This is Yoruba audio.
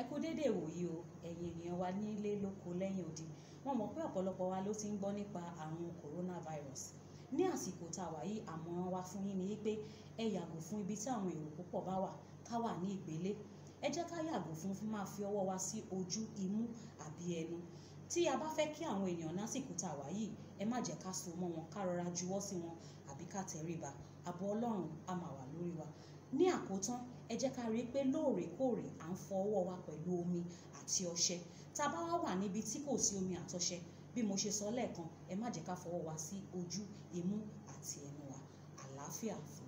ẹ kú déédéé wòyí o ẹ̀yin ènìyàn wa nílé lóko lẹ́yìn odi wọ́n mọ̀ pé ọ̀pọ̀lọpọ̀ wa ló ti ń gbọ́ nípa àrùn coronavirus ní àsìkò tá a wà yìí àmọ̀ràn wa fún yín ni wípé ẹ yàgò fún ibi tí àwọn èrò púpọ̀ bá wà ká wà ní ìpele ẹ jẹ́ ká yàgò fún máa fi ọwọ́ wa sí ojú imú àbí ẹnu tí a bá fẹ́ kí àwọn èèyàn lásìkò tá a wà yìí ẹ má jẹ́ ká so mọ́ wọn ká rọra juwọ́ sí wọn àbí ká tẹríba àbọ̀ ọlọ́run á máa wà lórí wa ní àkótán ẹ jẹ́ ká rí i pé lóòrèkóòrè à ń fọ ọwọ́ wa pẹ̀lú omi àti ọṣẹ tá a bá wá wà níbi tí kò sí omi àtọṣẹ bí mo ṣe sọ lẹ́ẹ̀kan ẹ má jẹ́ ká fọwọ́ wa sí ojú imú àti ẹnu wa àlàáfíà fún